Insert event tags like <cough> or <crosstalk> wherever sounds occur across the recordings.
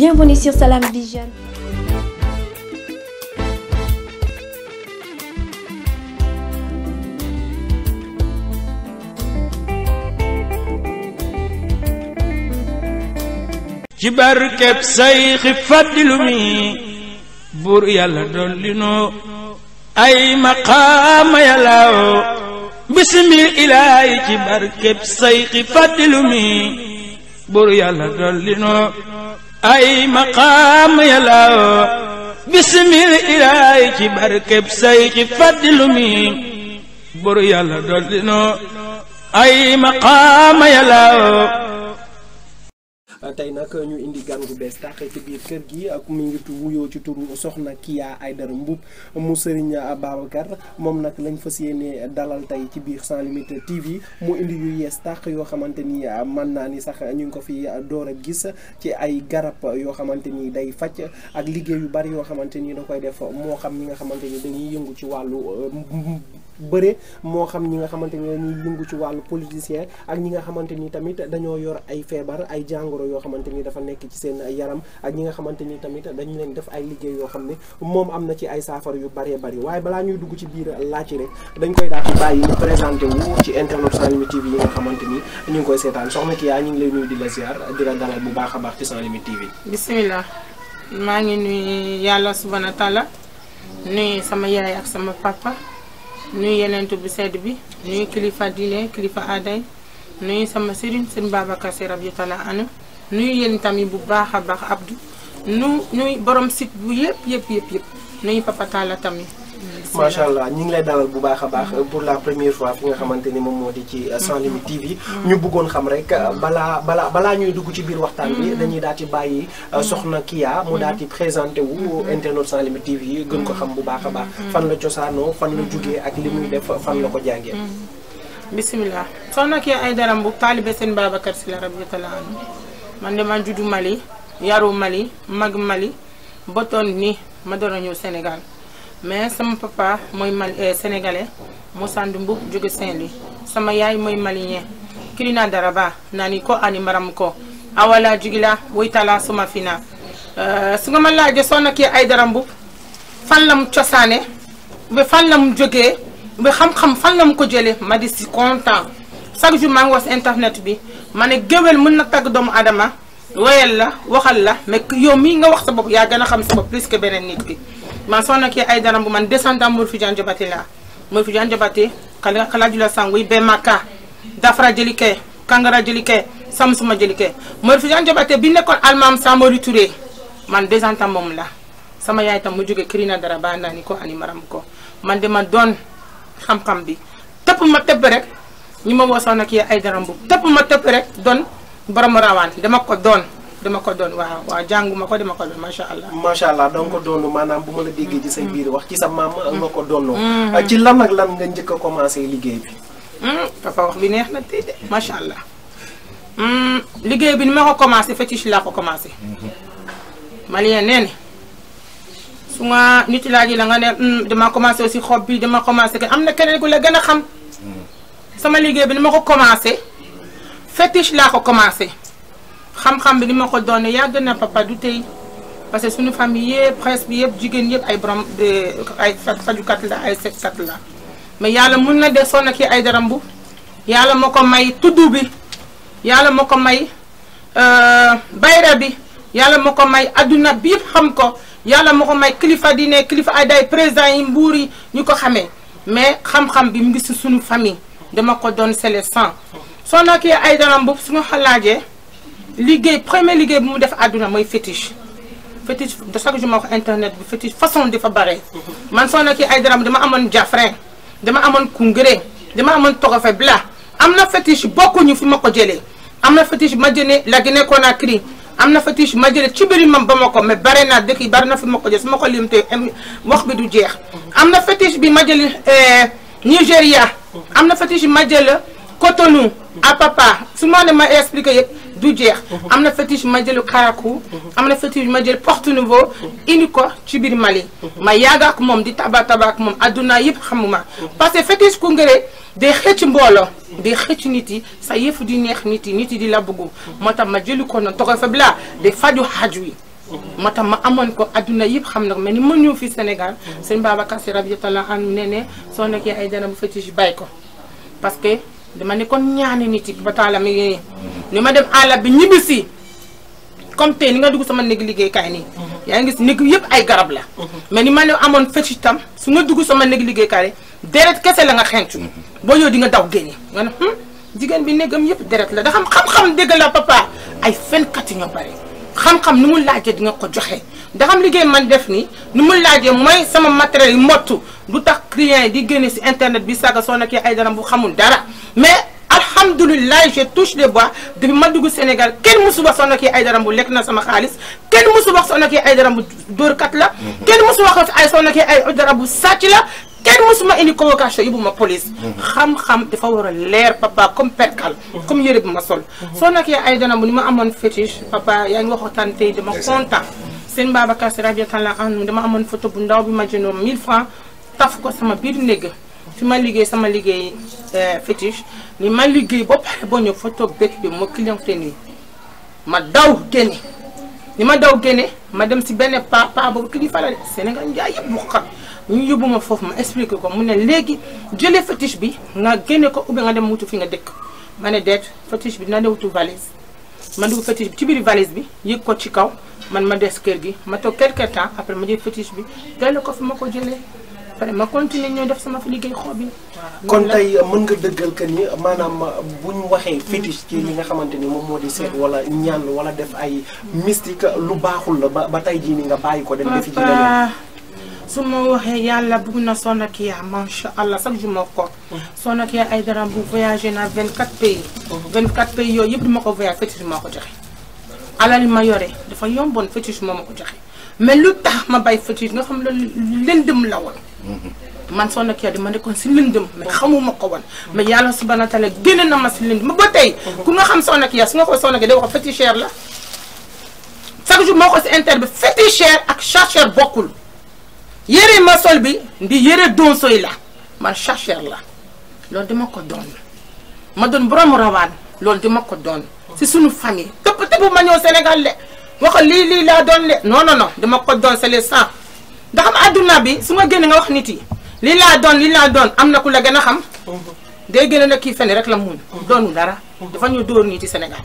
Bienvenue sur Salam Vision. ci yàlla dolli ay maqaama yàllaaw bismil ilaahi ci barkeb sayxi fàddilu ay maqaam yàllaw bisimil ilaay ci barkeb say ci faddilu mi buru yàlla dool dino ay maqaam yàllaw Euh, tey nag ñu indi gan gu bees tàq ci biir kër gi ak mu ngi wuyoo ci turu soxna ay Aidara Mboup mu sëriñ Babacar moom nag lañ fas yéene dalal tey ci biir Sans Limite TV mu indi yu yees tàq yoo xamante ni ah, mën naa ni sax ñu ngi ko fi door a gis ci ay garab yoo xamante ni day faj ak liggéey yu bari yoo xamante ni da koy def moo xam ñi nga xamante ni dañuy yëngu ci wàllu euh, bëre moo xam ñi nga xamante ni dañuy yëngu ci wàllu politicien ak ñi nga xamante ni tamit dañoo yor ay feebar ay jàngoro yoo xamante ni dafa nekk ci seen yaram ak ñi nga xamante ni tamit dañu leen def ay liggéey yoo xam ne moom am na ci ay saafara yu bëree bari waaye balaa ñuy dugg ci biir laaj rek dañ koy daal di bàyyi mu présenté ci internet sans limite TV yi nga xamante ni ñu ngi koy seetaan soxna Kya ñu ngi lay nuyu di la ziar di la bu baax a baax ci sans limite TV. bisimilah maa ngi nuyu yàlla subhana taala nuyu sama yaay ak sama papa. nuyu yeneentu bu sedd bi nuyu kilifa diine kilifa aaday nuyu sama sëriñ sëñ Babacar Sy radiyallaahu anhu nuyu yéen tamit bu baax a baax Abdou nu nuyu borom site bu yëpp yëpp yëpp yëpp nuyu tamit macha allah ñi ngi lay dalal bu baax a baax pour la première fois fi nga xamante ni moom moo di ci euh, sans limite TV mm. ñu bëggoon xam rek euh, balaa balaa balaa ñuy dugg ci biir waxtaan bi mm. dañuy daal di bàyyi euh, mm. soxna Kya mu daal di présenté wu internet sans limite TV yi gën ko xam bu baax a baax fan la cosaanoo fan la jugee ak li muy def fan la ko jàngee bisimilah soxna Kya Aidara Mboup taalibe seen Babacar Sy la rabbi taala anu man de ma juddu Mali yaru Mali mag Mali botoon ni ma doon Sénégal mais sama papa mooy Mali moo euh, Moussandou Mboub jóge Saint-Louis sama yaay mooy malien kilina naa nani ko ani maram ko awala jigila woytala suma fina euh, su nga ma laajee soo na kii Aïdara Mboup fan la mu cosaane ba fan la mu jógee ba xam-xam fan la mu ko jële ma di si content chaque jour maa ngi si internet bi ma ne géwél mën na tagg doomu adama woyal la waxal la mais yow mii nga wax sa bopp yaa gën xam sa bopp plus que beneen nit ki ma soxna ke ay dara bu man descendant Mor Fidiane Diabaté la Mor Fidiane Diabaté kala kala jula sangu be makka dafara jëli ke kangara jëli ke samsuma jëli ke Mor Fidiane Diabaté bi nekkoon almaam Samori Touré man descendant moom la sama yaay tam mu jóge Kirina dara ba naa ni ko ani maram ko man de doon xam-xam bi tëpp ma tëpp rek ñi ma woo soxna ke ay dara bu tëpp ma tëpp rek doon borom rawaan dama ko doon dama ko doon waaw waaw jànguma ko dama ko doon macha allah. macha allah danga ko doon maanaam bu ma la déggee ci say biir wax ci sa maam nga ko doonoo. ci lam ak lan nga njëkk a commencé liggéey bi. Hmm, papa wax bi neex na tey macha allah hmm, liggéey bi ni ma ko commencé fétiche laa ko commencé. Malien nee na su ma nit laaj la nga ne hmm, dama commencé aussi xob bi dama commencé am na keneen ku la gën a xam. sama liggéey bi ni ma ko commencé fétiche laa ko commencé. xam-xam bi li ma ko doonee yàgg na papa du tey parce que suñu famille yëpp presque bi yëpp jigéen yëpp ay borom eh, ay fajukat la ay seetkat la mais yàlla mun na de sonn ak ay daram bu yàlla ma ko may tudd bi yàlla ma ko may euh, bayra bi yàlla ma ko may adduna bi yëpp xam ko yàlla ma ko may kilifa diine kilifa ay day président yi mbuur yi ñu ko xamee mais xam-xam bi mu ngi si suñu famille dama ko doon sele sang sonn ak ay daram bu suñu xalaajee liggéey premier liggéey bu mu def adduna mooy fétiche fétiche de chaque jour ma wax internet bi fétiche façon defa bare. man soo nekkee ay daram dama amoon jafrin dama amoon kungéré dama amoon togofe bla am na fétiche bokkuñu fi ma ko jëlee am na fétiche ma jëlee la Guinée Conakry am na fétiche ma jëlee ci biir mam ba ma ko mais bare naa dëkk yi bare na fi ma ko jël su ma ko lim te wax bi du jeex. am na fétiche bi ma jëli eh, Nigéria. am na fétiche ma jël Cotonou. à papa su ma ne ma expliqué du jeex am na fétiche ma jël karakou am na fétiche ma jël porte nouveau indi ko ci biir Mali ma yàgg ak moom di taba tabaak moom adduna yëpp xamuma parce que fétiche Koungheul de xëcc mbooloo de xëcc nit yi sa yëfu di neex nit yi nit yi di la bëggu moo tax ma jëli ko noonu togo fa bi laa day faju xaju yi moo tax ma amoon ko adduna yëpp xam na ko ni ma ñëw fii Sénégal sëñ Babacar Sy radiyallahu anhu ne ne soo nekkee ay dara bu fétiche bàyyi ko parce que dama ne kon ñaani nit yi ba taala mi ngi ni ma dem àll bi ñibbi si comme tey ni nga dugg sama néeg kaay nii mhm. yaa ngi gis néeg yëpp ay garab la mhm. mais ni ma ne amoon fecc itam su nga dugg sama neg liggéey liggéeykaay deret kese la nga xentu mhm. boo yow di nga daw génne nga ne hmm, jigéen bi negam yëpp deret la da xam xam-xam dégg la papa ay fenkat yi ñoo bari xam-xam ni mu laajee di nga ko joxe ndaxam liggéey man def nii nu mu laajee mooy sama matériel yi mottu du tax client yi di génne si internet bi saaga soo nekkee ay daram bu xamul dara mais alhamdulilah je touche les bois depuis ma dugg Sénégal kenn musu wax soxna kii ay daram bu lekk na sama xaalis kenn musu wax soxna kii ay daram bu dóorkat la. Mhm. kenn musu wax ay soxna kii ay daram bu sàcc la kenn musu ma indi convocation bu ma police. Mhm. xam-xam i war a leer papa comme perkal mhm. comme yére bi ma sol. soxna kii ay daram bu ma amoon fétiche papa yaa ngi wax waxtaan sëñ Babacar Sy radiyallaahu anhu dama amoon photo bu ndaw bi ma jëndoon mil francs taf ko sama biir néeg fi ma liggéey sama liggéey euh, fétiche ni ma liggéey ba pare boo ñëw photo bi ma clienté nii ma daw génne ma daw génne ma dem si benn pa pa boobu kilifa la Sénégal njaay yëpp bu xam ñu yóbbu ma foofu ma expliqué ko mu ne léegi jële fétiche bi nga génne ko ubbi nga dem wutu fi nga dëkk ma ne deet fétiche bi na de wutu valise ma dugg fétiche bi ci biir valise bi yëg ko ci kaw man ma des kër gi ma toog quelque temps après ma jël fétiche bi dellu ko fi ma ko jëlee pare ma continuer ñoo def sama liggéey xob yi. kon tey euh, mën nga dëggal que ni maanaam euh, bu ñu waxee fétiche ci nga xamante ni moom moo di seet wala ñaan wala def ay mystique lu baaxul la ba ba tey jii ni nga bàyyi ko dem defi ji su ma waxee yàlla bugg na Sonakia macha allah chaque jour ma ko. Mm. Sonakia ay dara bu voyagé naa 24 pays. 24 mm. pays yooyu yëpp ma ko voyagé fétiche ma ko joxee alal yi ma yore dafa yomboon fétiche moom ma ko joxe mais lu tax ma bay fétiche nga xam loolu lëndëm la woon man soo nekkee di ma nekkoon si lëndëm mais xamuma ko woon mais yàlla subhanahu wa taala génne na ma si ma ba tey ku nga xam soo nekkee su nga ko soo nekkee day wax féticheur la chaque jour moo ko si inter bi féticheur ak chercheur bokkul yére ma sol bi ndi yére doon la man chercheur la loolu dama ko doon ma doon borom rawaan loolu dama ko doon si sunu famille ëpp te bu ma ñëw Sénégal de waxal lii lii laa doon de non non dama ko doon sale sans ndax am adduna bi su nga génn nga wax nit yi lii laa doon lii laa doon am na ku la gën a xam day gën a kii fene rek la mun doonu dara dafa ñu dóor nii ci Sénégal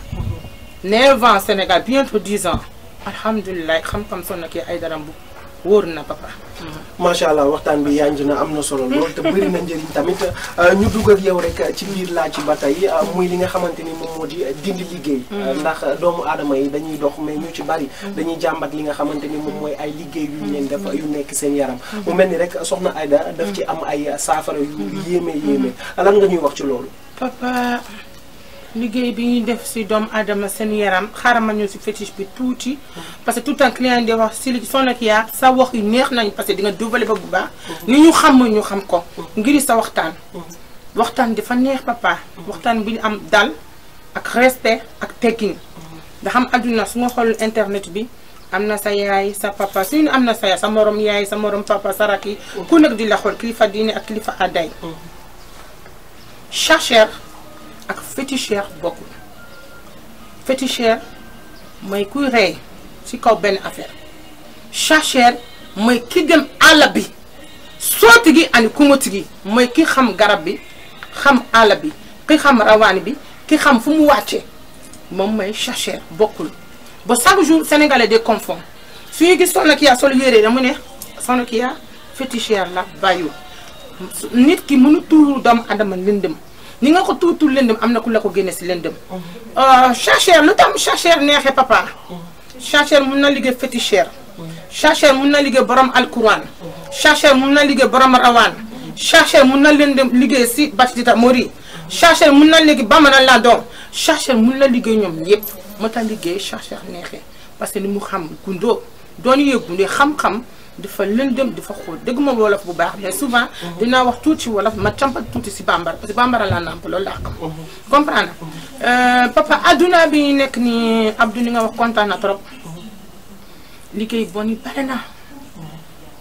neuf ans Sénégal bientôt dix ans alhamdulilah xam-xam son na kii ay dara bu wóor na papa. macha allah waxtaan bi yanj na am na solo lool te bëri na tamit euh, ñu dugg yow rek ci biir laaj ci ba tey euh, muy li nga xamante ni moom moo di dindi liggéey. Mm. Euh, ndax doomu aadama yi dañuy dox mais ñu ci bari. Mm. dañuy jàmbat li nga xamante ni moom mooy ay liggéey yu ñu leen def mm. yu nekk seen yaram. mu mel ni rek soxna Aida daf ci am ay saafara yu yéeme yéeme lan nga ñuy wax ci loolu. papa. liggéey bi ñuy def si doom aadama seen yaram xaaral ma ñëw si fétiche bi tuuti. parce que tout le temps client di wax si li sonn ak yaa sa wax yu neex nañu parce que di nga duubale ba bu baax. ni ñu xam ñu xam ko. ngir sa waxtaan. waxtaan dafa neex papa. waxtaan bi ñu am dal ak respect ak teggin. ndax am adduna su nga internet bi am na sa yaay sa papa ne am na sa yaay sa moroom yaay sa morom papa sa rakk yi. ku nekk di la xool kilifa diine ak kilifa àdday. Mm-hmm. chercheur. ak féticheur bokkul féticheur mooy kuy rey ci kaw benn affaire chercheur mooy ki gën àll bi sooti gi ani kumati gi mooy ki xam garab bi xam àll bi ki xam rawaani bi ki xam fu mu wàccee moom mooy chercheur bokkul ba chaque jour sénégalais de confond su ñu gis soxna ki yaa sol yére da mu ne soxna ki yaa féticheur la bàyyiwul nit ki mënu tuuru doomu adama lëndëm ni nga ko tuutul lëndëm am na ku la ko génne si lëndëm. Euh, chercheur lu tax chercheur neexee papa. chercheur mun na liggéey féticheur. chercheur mun na liggéey borom al alquran. chercheur mun na liggéey borom rawaan. chercheur mun na lëndëm liggéey si batidita mori. chercheur mun na liggéey bamana la doom. chercheur mun na liggéey ñoom yëpp moo tax liggéey chercheur neexee parce que ni mu xam gundoo doon yëg gundee xam-xam. di fa dem di fa xóot dégguma wolof bu baax mais souvent mhm. dinaa wax tuuti wolof ma campal tuuti si bambara parce que bambara laa nàmp loolu laa xam mhm. comprendre euh, papa adduna bi ñu nekk ni Abdou li nga wax kontaan na trop mhm. liggéey bon yi bare na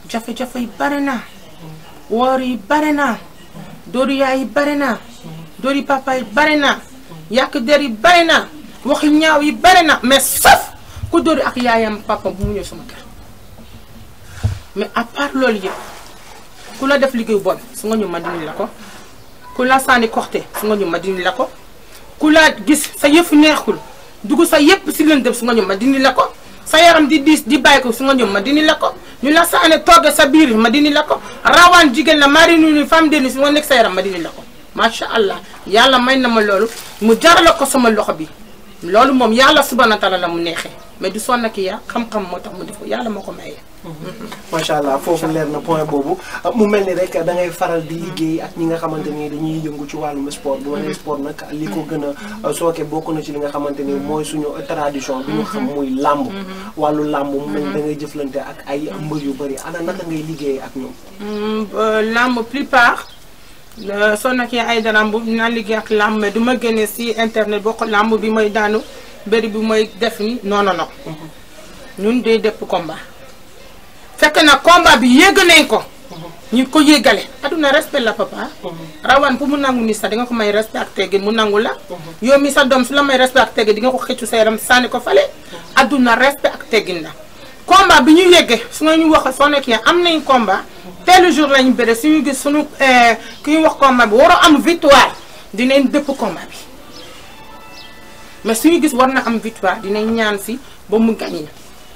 jafe-jafe yi bare na woor yi bare na dóori yaay yi bare na dóori papa yi bare na yàq der yi bare na waxi ñaaw yi bare na mais sauf ku dóori ak yaayam papa bu mu ñëw sama kër mais à part loolu yëpp ku la def liggéey bon su nga ñu ma dindi la ko ku la sànni korte su nga ñu ma dindi la ko ku la gis sa yëfu neexul dugg sa yëpp si lëndëm su nga ñu ma dindi la ko sa yaram di diis di bàyyi ko su nga ñu ma dindi la ko ñu la sànni tooge sa biir ma dindi la ko rawaan jigéen la mari nuni femme deni su nga nekk sa yaram ma dindi la ko macha allah yàlla may na ma loolu mu jarale ko sama loxo bi loolu moom yàlla subhanahu wa taala la mu neexee mais du sonna ki yaa xam moo tax mu def ko yàlla moo ko mayee macha allah foofu leer na point boobu mu mel ni rek da ngay faral di liggéey ak ñi nga xamante ni dañuy yëngu ci wàllum sport bu wanee sport nag li ko gën a euh, sooke bokk na li nga xamante ni mooy suñu tradition bi ñu xam muy làmb mm-hmm. Mm-hmm. wàllu làmb mu mel ngay jëflante ak ay mbër yu bëri ana naka ngay liggéeyee ak ñoom mm, euh, làmb plupart euh, soo nekkee ay dara bu naa liggéey ak làmb mais ma génne si internet boo ko làmb bi mooy daanu bëri bi mooy def ni non non non mm-hmm. ñun day dëpp combat fekk na combat bi yéeg nañ ko. ñu ko yéegale aduna respect la papa. rawan bu mu nangu ni sax danga ko may respect ak teggin mu nangu la. yow mi sa doom su la may respect ak teggin di nga ko xëccu sa yaram sànni ko fale. aduna respect ak teggin na combat bi ñu yéggee su nga ñu wax soo nekk am nañ combat. tel jour lañu bëre su ñu gis suñu eh, ki ñu wax combat bi waroo am victoire dinañ dëpp combat bi mais su ñu gis war na am victoire dinañ ñaan si ba mu gagné.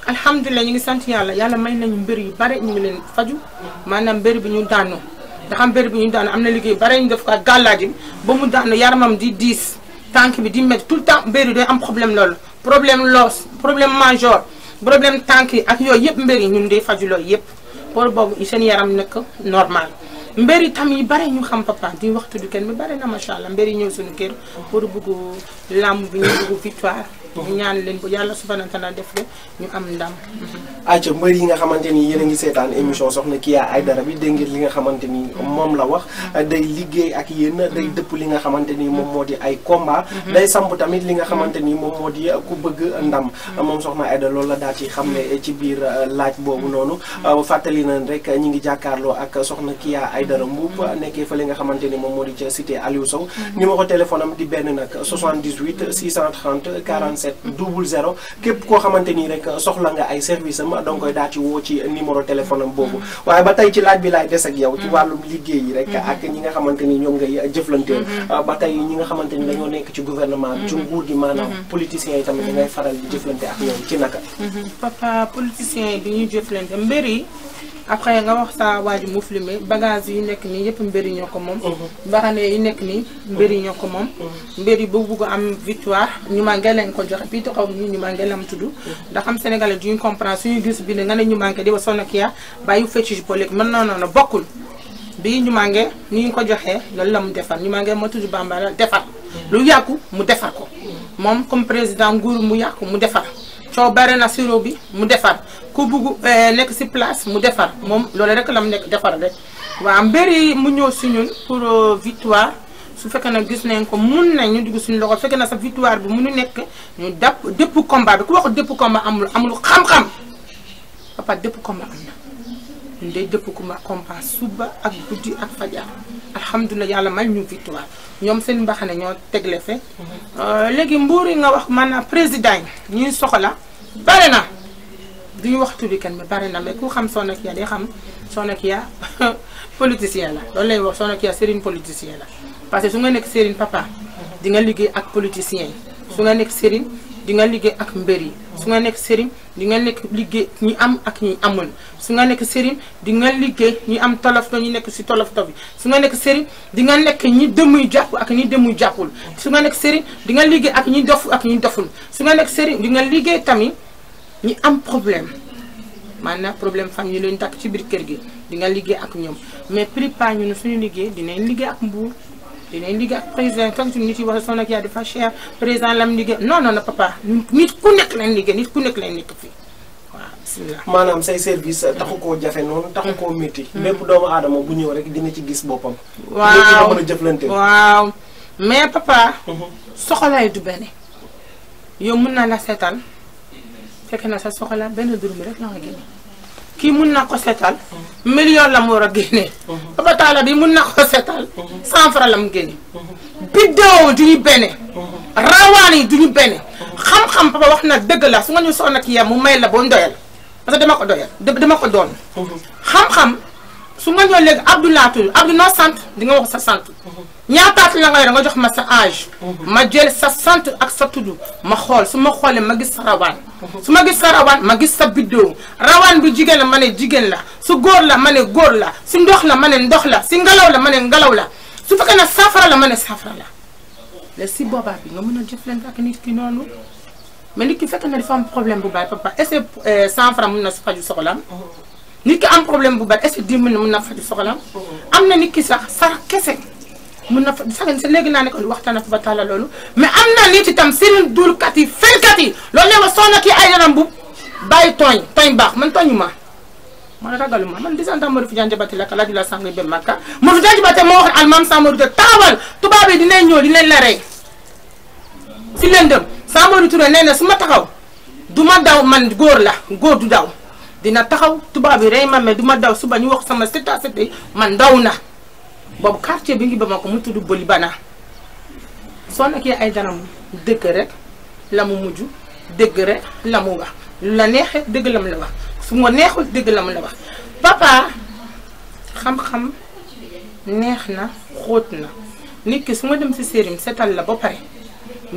alhamdulilah ñu ngi sant yàlla yàlla may nañu mbir yu bare ñu ngi leen faju maanaam mbir bi ñu daanu ndax am mbir bi ñu daanu am na liggéey bare ñu def ko ak gàllaaji ba mu daanu yaramam di diis tànk bi di métti tout le temps mbir yi day am problème loolu problème loos problème major problème tànk yi ak yooyu yëpp mbër yi ñu day faju loolu yëpp pour boobu seen yaram nekk normal mbër yi tam yi bare ñu xam papa di waxtu du kenn mi bare na macha allah mbir yi ñëw suñu kër pour bugg làmb bi ñu ñaan leen ko yàlla su wa taala def leen ñu am ndam. acca mbër yi nga xamante ni yéen a ngi seetaan émission soxna ay dara bi dégg ngeen li nga xamante ni moom la wax day liggéey ak yéen day dëpp li nga xamante ni moom moo di ay combat day samp tamit li nga xamante ni moom moo di ku bëgg ndam moom soxna Aidara loolu la daal ci xam ne ci biir euh, laaj boobu noonu euh, fàttali nañ rek ñi ngi jàkkaarloo ak soxna ay Aidara Mboup nekkee fa li nga xamante ni moom moo di ca cité Aliou Sow mm-hmm. numéro téléphone am di benn nag 78 630 45 77 00 képp koo xamante nii rek soxla nga ay service am danga koy daal ci woo ci numéro téléphone am boobu mm-hmm. waaye ba tey ci laaj bi laay des ak yow ci mm-hmm. wàllum liggéey yi rek mm-hmm. ak ñi nga xamante ni ñoom ngay jëflanteel ba tey ñi nga xamante ni dañoo nekk ci gouvernement bi ci nguur gi maanaam politiciens yi tamit dangay faral di jëflante ak ñoom ci naka papa politiciens yi bi ñu jëflante mbir après nga wax sa waaju mu filmé bagage yi nekk nii yëpp mbëri ñoo ko moom uh-huh. mbaxane yi nekk nii mbëri ñoo ko moom uh-huh. mbëri bu bugg am victoire ñu manqué lañ ko joxe bii taxaw ñu ñu manqué lam tudd uh-huh. ndax xam sénégalais duñu comprendre suñu gis bi ne nga ne ñu manqué di wa sonna kiya bàyyi fétiche politique mën non non bokkul bii ñu manqué ni ñu ko joxe loolu la mu defar ñu ma moo tudd bambara defar lu yàqu mu defar ko moom comme président nguur mu yàqu mu defar coow bari na siro bi mu defar ku bugg eh, nekk si place mu defar moom loolu rek la mu nekk defar rek waa mbir mu ñëw si ñun pour euh, victoire su fekkee na gis nañ ko mun nañ ñu dugg suñu loxo fekkee na sa victoire bi munu nekk ñu dàpp dëpp combat bi ku wax dëpp combat amul amul xam-xam papa dëpp combat am na ñun day dëpp combat combat suba ak guddi ak fajar alhamdulilah yàlla may ñu victoire ñoom seen mbaxane ñoo tegle fe mm-hmm. euh, léegi mbuur nga wax maanaam président yi soxla bari na duñu wax tur bi kan mais na mais ku xam Sonakia day xam Sonakia <laughs> politicien la loolu lay wax Sonakia sëriñ politicien la parce que su nga nekk sëriñ papa di nga liggéey ak politicien su nga nekk sëriñ di nga liggéey ak mbër yi su nga nekk sëriñ di nga nekk liggéey ñi am ak ñi amul su nga nekk sëriñ di nga liggéey ñi am tolof to nekk si tolof to bi su nga nekk sëriñ di nga nekk ñi demuy jàpp ak ñi demuy jàppul su nga nekk sëriñ di nga liggéey ak ñi dof ak ñi doful su nga nekk sëriñ di nga liggéey tamit ñu am problème maanaam problème fam ñu leen takk ci biir kër gi di nga liggéey ak ñoom mais prépa ñu ne suñu liggéey dinañ liggéey ak mbuur dinañ liggéey ak président comme suñu nit yi waxee son ak yaa dafa cher président lam liggéey non non papa nit ku nekk leen liggéey nit ku nekk leen nekk fii waaw bisimilah maanaam say service taxu ko jafe noonu taxu koo métti mm-hmm. lépp doomu aadama bu ñëw rek dina ci gis boppam waaw ci mais papa mm-hmm. soxlaay du benn yow mën la seetaan fekk na sa soxla benn dërëm rek la nga génne kii mun na ko seetal million la mu war a génne Papa Talla bi mun na ko seetal cent la mu génne biddéo du ñu benn rawaan yi du ñu benn xam-xam papa wax na dëgg la su nga ñu soxna ki yam mu may la boo ndoyal parce que dama ko doyal dama ko doon xam-xam su ma ñëw léegi Abdou laa tudd Abdou noo sant di nga wax sa sant mhm. ñaataat la nga yor nga jox ma sa âge mhm. ma jël sa sant ak sa tudd ma xool su ma xoolee ma gis sa rawaan mhm. su ma gis sa rawaan ma gis sa biddéew rawaan bi jigéen la ma ne jigéen la su góor la ma ne góor la si ndox la ma ne ndox la si ngelaw la ma ne ngelaw la su fekkee na safara la ma ne safara la léegi si boobaa bi nga mën a jëflante ak nit ki noonu ma nit ki fekk na dafa am problème bu bàyyi papa que cent euh, francs mën na su faju soxlaam nit ki am problème bu bari est-ce que dix mille mën na faj soxlaam oh. am na nit ki sax sarax kese mën na fa sax léegi naa ne ko waxtaan ak ba tàlla loolu mais am na nit itam seen duulkat yi fenkat yi loolu léegi soxna kii ay yaram bu bàyyi tooñ tooñ baax man tooñu ma man ragalu ma man disantam mari fi janjabati lakka laaju la sànga be makka ma fi janjabate moo wax almaam Samori Touré taxawal tubaab yi dinañ ñëw dinañ la rey si lëndëm Samori Touré nee na su ma taxaw du ma daw man góor la góor du daw dina taxaw tubaab yi rey ma mais du ma daw suba ñu wax sama seta seta yi man ndaw na boobu quartier bi ngi ba ma ko mu tudd Boli Bana soo nekkee ay dara dëgg rek la mu mujj dëgg rek la mu wax lu la neexee dëgg la mu la wax su ma neexul dëgg la mu la wax papa xam-xam neex na xóot na nit ki su ma dem si sëriñ setal la ba pare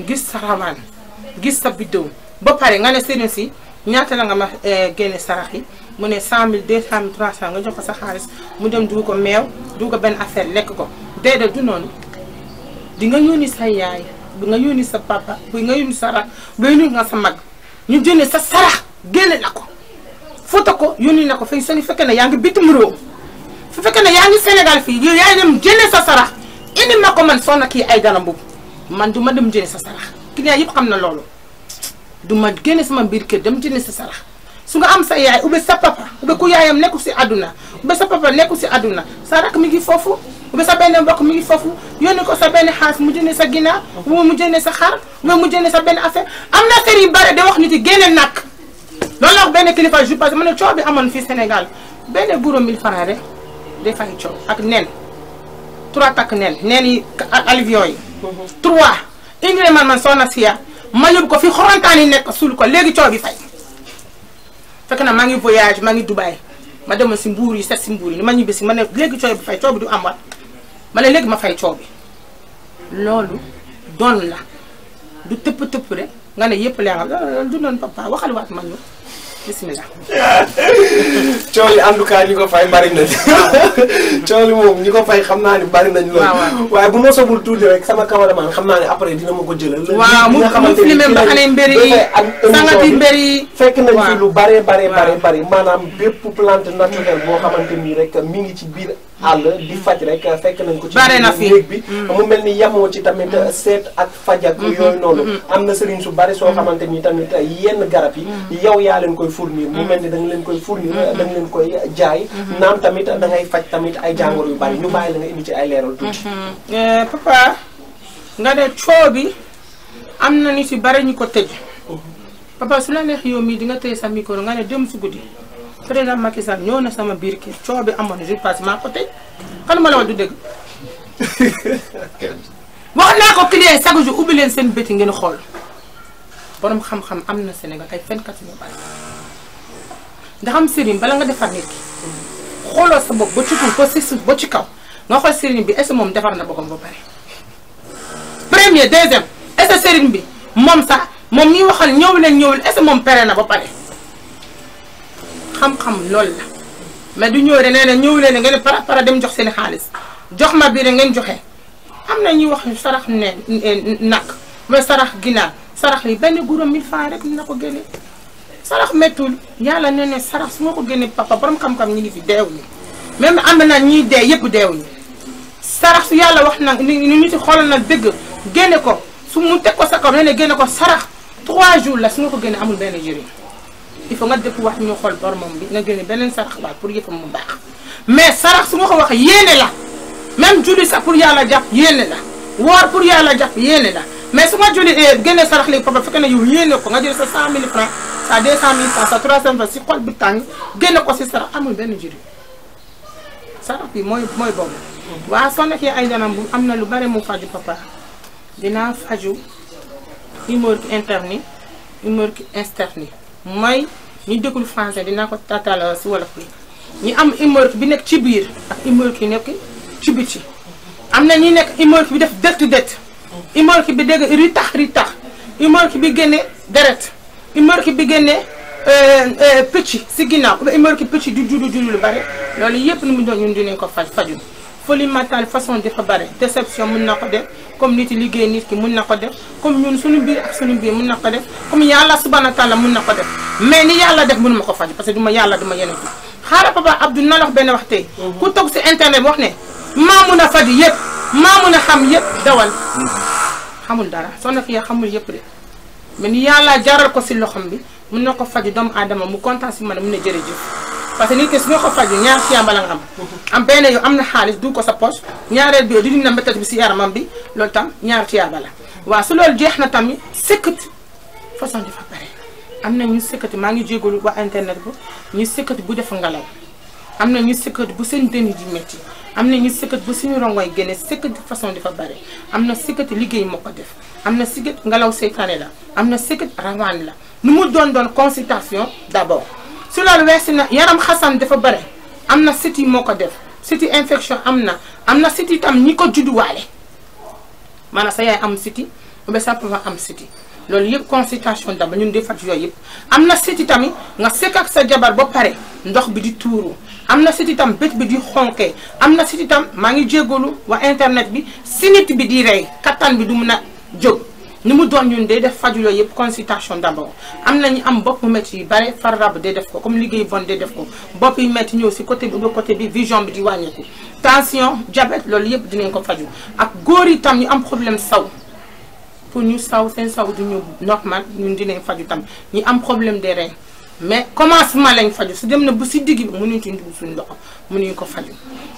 gis sa rawaan gis sa biddew ba pare nga ne sëriñ si ñaata la nga ma eh, génne sarax yi mu ne 100000 200000 300000 nga jox ko sa xaalis mu dem dugg ko meew dugg ko benn affaire lekk ko déedéet du noonu di nga yónni sa yaay bi nga yónni sa papa bi nga yónni sa rak bi nga yónni sa mag ñu jënne sa sarax génne la ko foto ko yónni na ko fii seen fekkee ne yaa ngi bitim réew su fekkee ne yaa ngi Sénégal fii yow yaa dem jënne sa sarax indi ma ko man soo na kii ay dara boobu man du ma dem jënne sa sarax client yëpp xam na loolu. du ma génne sama biir kër dam jënd sa sarax su nga am sa yaay ou sa papa ou bien ku yaayam nekkul si àdduna ou sa papa nekkul si àdduna sa rakk mi ngi foofu ou sa benn mbokk mi ngi foofu yónni ko sa benn xaalis mu jëndee sa ginaar ou mu jëndee sa xar ou mu jëndee sa benn affaire am na affaire yu bare da wax nit yi génne nag loolu la wax benn kilifa ju passé ma ne coow bi amoon fii Sénégal benn bureau 1000 francs rek dafay ak nen trois takk nen nen yi alivion yi mhm. trois indi man man soo na siya ma yóbbu ko fi xorontaan yi nekk suul ko léegi coow bi fay fekk na maa ngi voyage maa ngi Dubaay ma demoon si mbuur yi set si mbuur yi li ma ñibbi si ma nekk léegi coow bi fay coow bi du am wat ma ne léegi ma fay coow bi loolu doon la du tëpp tëpp de nga ne yëpp leeral du doon papa waxal waat man ñu bisimilah. <laughs> coow li en tout ñi ko fay bari nañ. <laughs> coow li moom ñi ko fay xam naa ni bari nañ lool. waaye bu ma sobul tuuti rek sama cameraman xam naa ne après dina ma ko jëlal. waaw mu filmé ba xale mbir yi sangati mbir fekk nañ fi lu bare bare bare bare maanaam bépp plante naturelle boo xamante nii rek mii ngi ci biir. àll di faj rek fekk nañ ko ci néeg bi mm. mu mel ni yemoo ci tamit mm. seet ak faj ak mm-hmm. yooyu noonu mm-hmm. am na sëriñ su bari soo mm-hmm. xamante ni tamit yenn garab yi yow yaa leen koy fournir mu mel ni da nga leen koy fournir da nga leen koy jaay naam tamit da ngay faj tamit ay jàngoro yu bari ñu bàyyi la nga indi ci ay leeral tuuti eh, papa nga ne coo bi am na nit yu bari ñu ko tëj papa su la neex yow mii di nga tëye sa micro nga ne dem su guddi président Macky Sall ñëw na sama biir kii coow bi amoon na jour passé maa ko tëj xanaa ma la wax <laughs> naa ko client chaque ubbi leen seen bëti ngeen xool borom xam am na Sénégal ay fenkat ñu sëriñ bala nga defar nit ki sa bopp ci kaw ba si sëriñ bi est moom defar na boppam ba pare. premier deuxième est ce bi moom sax moom ñuy waxal ñëw leen ñëw leen est ce moom pere na ba pare. xam-xam loolu la mais du ñëw rek nee na ñëw leen ngeen para para dem jox seen xaalis jox ma bii rek ngeen joxe am na ñuy wax sarax ne nag mooy sarax ginaa sarax yi benn guro 1000 francs rek na ko génne sarax méttul yàlla nee ne sarax su ma ko génne papa borom xam-xam ñu ngi fi deewuñu même am na ñuy dee yëpp ñi sarax su yàlla wax na ni ñu yi xoolal na dëgg génne ko su mu teg ko sa kaw nee ne génne ko sarax 3 jours la su ma ko génne amul benn jëriñ. il faut nga dëpp wax ñu xool boromam bi nga génne beneen sarax baal pour yëfam mu baax mais sarax su ma ko waxee yéene la même juli sax pour yàlla jàpp yéene la woor pour yàlla jàpp yéene la mais su ma julli eh, génne sarax léegi papa fekk na yow yéene ko nga jël sa 100000 francs sa 200000 francs sa 300000 si xol bi tàng génne ko si sarax amul benn njëriñ sarax bi mooy mooy boobu. waaw soo nekkee ay janam bu am na lu bari mu faju papa dinaa faju humeur interne humeur externe mooy. ñu déglu français dinaa ko tàttal si wolof bi ñu am humeur bi nekk ci biir ak humeur ki nekk ci biti am na ñuy nekk humeur bi def dëtt dëtt humeur bi dégg ritax ritax humeur bi génne deret humeur bi génne euh, euh, picc si ginnaaw oubien humeur ki picc du juddu juddu lu bare loolu yëpp nu mu doon ñun dinañ ko faj fajul folie mentale façon dafa bare déception mën na ko def comme nit yi liggéey nit ki mun na ko def comme ñun suñu biir ak suñu biir mun na ko def comme yàlla subhanahu wa mun na ko def mais ni yàlla def mënu ma ko faj parce que du ma yàlla du ma yeneen xaaral papa Abdou na la wax benn wax tey mhm. ku toog si internet ne maa mun a faj yëpp maa mun a xam yëpp dawal xamul dara soo na fiya xamul yëpp de mais ni yàlla jaaral ko si loxom bi mun na ko faj doomu aadama mu kontaan si man mun na jëf parce que nit ki su ñoo ko ñaar ci yàmbala nga am am benn am na xaalis du ko sa poche ñaareel bi di na mbetteel bi si yaramam bi loolu tam ñaar ci yàmbala waaw su loolu jeex na tamit sëkkati façon dafa bare am na ñu sëkkati maa ngi jégalu waa internet bu ñu sëkkati bu def ngelaw am na ñu sëkkati bu seen dënn di métti am na ñu sëkkati bu suñu rongoy génne sëkkati façon dafa bare am na sëkkati liggéey moo ko def am na sëkkati ngelaw seytaane la am na sëkkati rawaan la nu mu doon doon consultation d'abord su loolu weesi na yaram xasan dafa bare am na siti moo ko def siti infection am na am na siti tam ñi ko judduwaale maanaam sa yaay am siti ou ba sa papa am siti loolu yëpp consultation dama ñun di faj yooyu yëpp am na siti tamit nga sekk ak sa jabar ba pare ndox bi di tuuru am na siti tam bët bi di xonqee am na siti tam maa ngi jégalu waa internet bi sinit bi di rey kattan bi du mun a jóg ni mu doon ñun day def fajulo yëpp consultation d'abord am na nañu am bopp métti yi bare far rab day def ko comme liggéey bon day def ko bopp yu métti ñëw si côté bi ba côté bi vision bi di wàññeeku tension diabète loolu yëpp dinañ ko faju ak góor yi tam ñu am problème saw pour ñu saw seen saw du ñu normal ñun dinañ faju tam ñu am problème des reins mais commencement lañ faju si dem na bu si digg bi mënuñu dugg suñu loxo mënuñu ko faju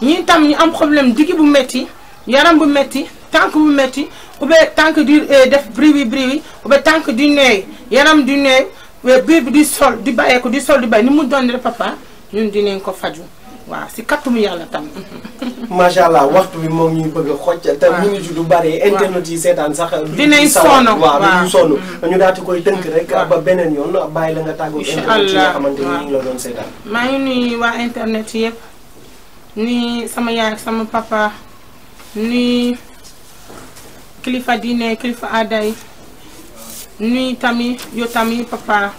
ñi tam ñu am problème digg bu métti yaram bu métti tànk bu métti ou bien tànk di eh, def briwi briwi ou bien tànk di nooy yaram di nooy eh, biir bi di sol di bàyyeeku di sol di bàyyi ni mu doon rek papa ñun dinañ ko faju waa si kàttanu yàlla tam. <laughs> macha allah waxtu bi moom ñuy bëgg a xocc. te minute yu du bari internet yi seetaan sax. dinañ sonn waaw dinañ sonn. Mm-hmm. ñu daal di koy tënk rek. ba beneen yoon bàyyi la nga tàggu. internet yi nga xamante ni ñu ngi la doon seetaan. maa ngi nuyu waa internet yëpp. nuyu sama yaay ak sama papa nuyu. kilifa diine kilifa aaday nuy tamit yow tamit papa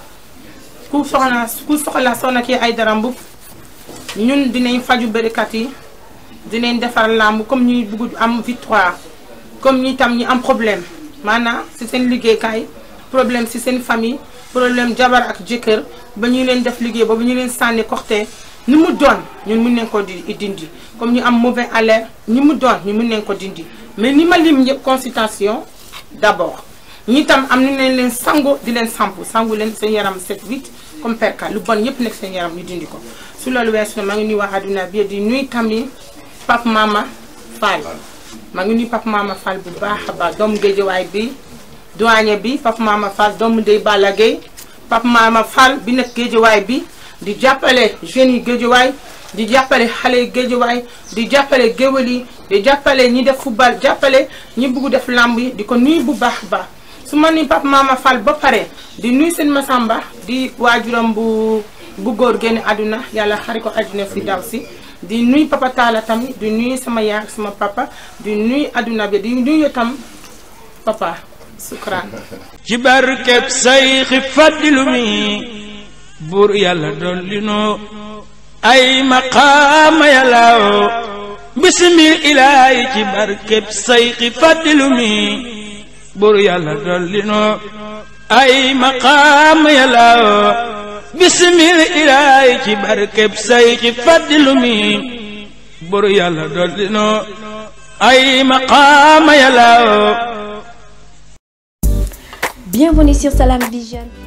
ku soxla ku soxla soxna ki ay dara mbub ñun dinañ faju bërikat yi dinañ defar làmb comme ñuy bugg am victoire comme ñi tam ñi am problème maanaam si seen liggéeykaay problème si seen famille problème jabar ak jëkkër ba ñu leen def liggéey ba ñu leen sànni korte ni mu doon ñun mu nañ di dindi comme ñu am mauvais alerte ñu mu doon ñu mu nañ ko dindi mais ni ma lim yëpp consultation d'abord ñi tam am nañ leen sango di leen sampu sangu leen seen yaram set wit comme perka lu bon yëpp nekk seen yaram ñu dindi ko su loolu weesu na ma ngi nuyu wax adduna bi di nuy tamit Pape Mama Fall ma ngi nuyu Pape Mama Fall bu baax a baax doomu géejewaay bi doyen bi Pape Mama Fall doomu ndey Balla Gueye Pape Mama Fall bi nekk géejewaay bi di jàppale jeunes yi géejuwaay di jàppale xale yi di jàppale géwél yi di jàppale ñi def football jàppale ñi bugg def làmb di ko nuyu bu baax ba su ma ni Pape Mama Fall ba pare di nuyu seen Masamba di waajuram bu bu góor génn àdduna yàlla xari ko àdduna fi daw si di nuyu papa Talla tamit di nuy sama yaay sama papa di nuyu àdduna bi di nuyu tam papa sukran <laughs> ci barkeb say xi fàddilu mi buur yàlla dolli noo ay maqaama yàllaaw bisimil ilaahi barkeb sayxi fàddilu mi buur ay maqaama yàllaaw